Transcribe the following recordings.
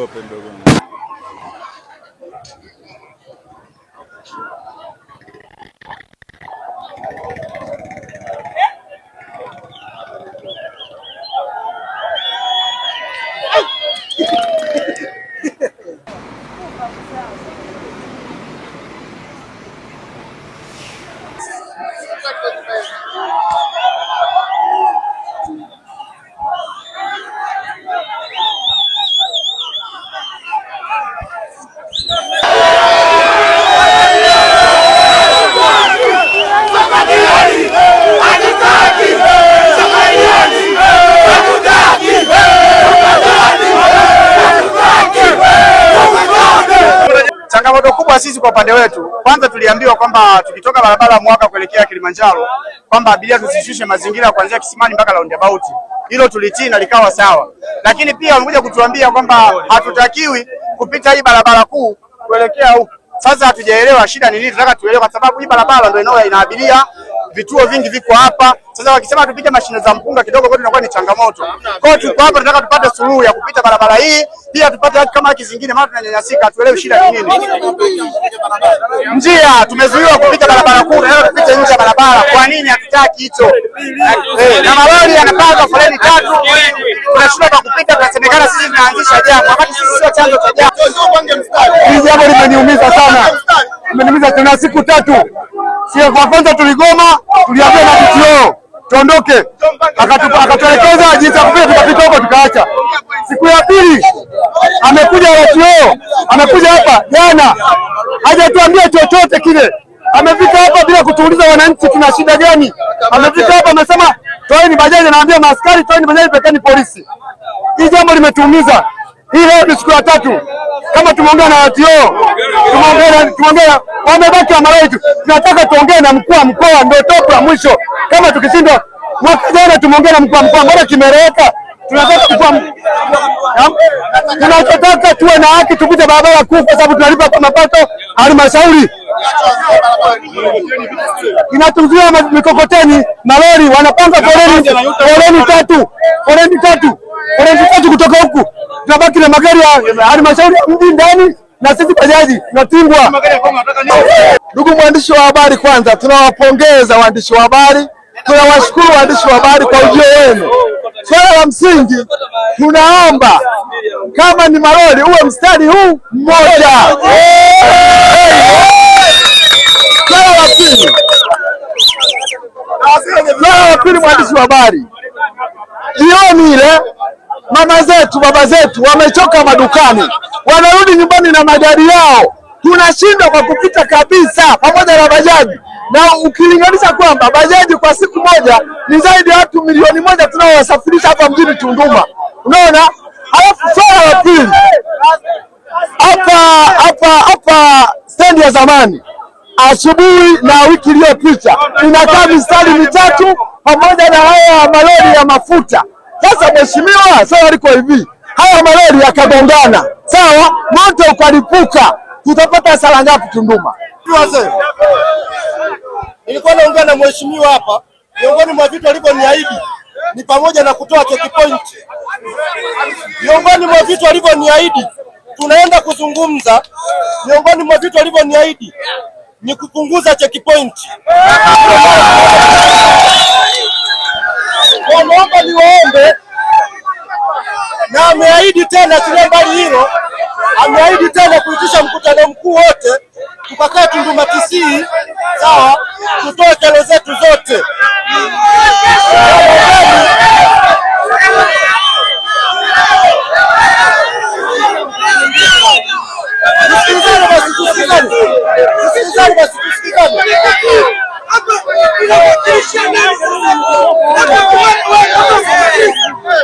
Copen, Changamoto kubwa sisi kwa upande wetu, kwanza tuliambiwa kwamba tukitoka barabara mwaka kuelekea Kilimanjaro kwamba abiria tusishushe mazingira kuanzia kisimani mpaka roundabout. Hilo tulitii na likawa sawa, lakini pia wamekuja kutuambia kwamba hatutakiwi kupita hii barabara kuu kuelekea huko. Sasa hatujaelewa shida ni nini, tunataka tuelewe, kwa sababu hii barabara ndio inao ina abiria vituo vingi viko hapa. Sasa wakisema tupite mashine za mpunga kidogo, kwetu inakuwa ni changamoto. Kwa hiyo tuko hapa, tunataka tupate suluhu ya kupita barabara hii, pia tupate haki kama haki zingine, maana tunanyanyasika, hatuelewi shida ni nini. Njia tumezuiwa kupita barabara kuu, tunataka tupite nje ya barabara. Kwa nini hatutaki hicho? Eh, eh, na malori yanapanga foleni tatu, tunashindwa kwa kupita, tunasemekana sisi tunaanzisha jambo, wakati sisi sio chanzo cha jambo. Hili jambo limeniumiza sana, limeniumiza. tena siku tatu Sio kwa kwanza tuligoma, tuliambia na kitio tuondoke, akatuelekeza jinsi ya kupiga, tukapita huko tukaacha. Siku ya pili amekuja watio, amekuja hapa jana, hajatuambia chochote kile. Amefika hapa bila kutuuliza wananchi tuna shida gani. Amefika hapa amesema toeni bajaji, anaambia maaskari toeni bajaji, pelekeni polisi. Hii jambo limetuumiza. Hii leo ni siku ya tatu kama tumeongea na watio tumeongea, wamebaki wa maraitu. Tunataka tuongee na mkuu wa mkoa, ndio topu la mwisho. Kama tukishindwa, mwaka jana tumeongea na mkuu wa mkoa, mbona kimereka? Tunachotaka tuwe na haki, tupite barabara kuu, kwa sababu tunalipa kwa mapato halmashauri. Inatuzuia mikokoteni, malori wanapanga foleni, foleni tatu, foleni tatu, foleni tatu kutoka huku, tunabaki na magari ya halmashauri mji ndani na sisi bajaji tunatingwa. Ndugu mwandishi wa habari, kwanza tunawapongeza waandishi wa habari, tunawashukuru waandishi wa habari kwa ujio wenu. Swala la msingi tunaomba kama ni maroli uwe mstari huu mmoja. Swala la pili, swala la pili, mwandishi wa habari, jioni ile Mama zetu baba zetu wamechoka madukani, wanarudi nyumbani na magari yao, tunashindwa kwa kupita kabisa, pamoja na bajaji. Na ukilinganisha kwamba bajaji kwa siku moja ni zaidi ya watu milioni moja tunaowasafirisha hapa mjini Tunduma, unaona. Halafu swala la pili, hapa hapa hapa stendi ya zamani, asubuhi na wiki iliyopita, inakaa mistari mitatu pamoja na haya malori ya mafuta. Sasa mheshimiwa, sawa liko hivi, haya malori yakagongana, sawa, moto ukalipuka, tutapata hasara ngapi Tunduma? Wazee, nilikuwa naongea na mheshimiwa hapa, miongoni mwa vitu alivyoniahidi ni pamoja na kutoa checkpoint. Miongoni mwa vitu alivyoniahidi tunaenda kuzungumza, miongoni mwa vitu alivyoniahidi ni kupunguza checkpoint wake na ameahidi tena kile mbali hilo, ameahidi tena kuitisha mkutano mkuu wote tukakaa Tunduma Kisii, sawa, tutoe kero zetu zote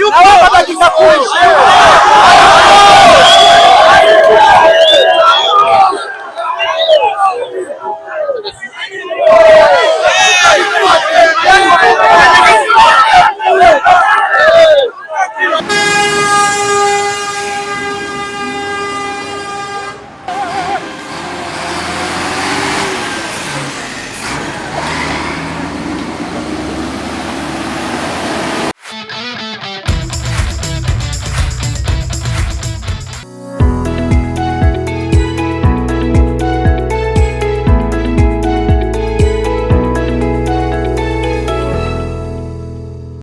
you Ayup!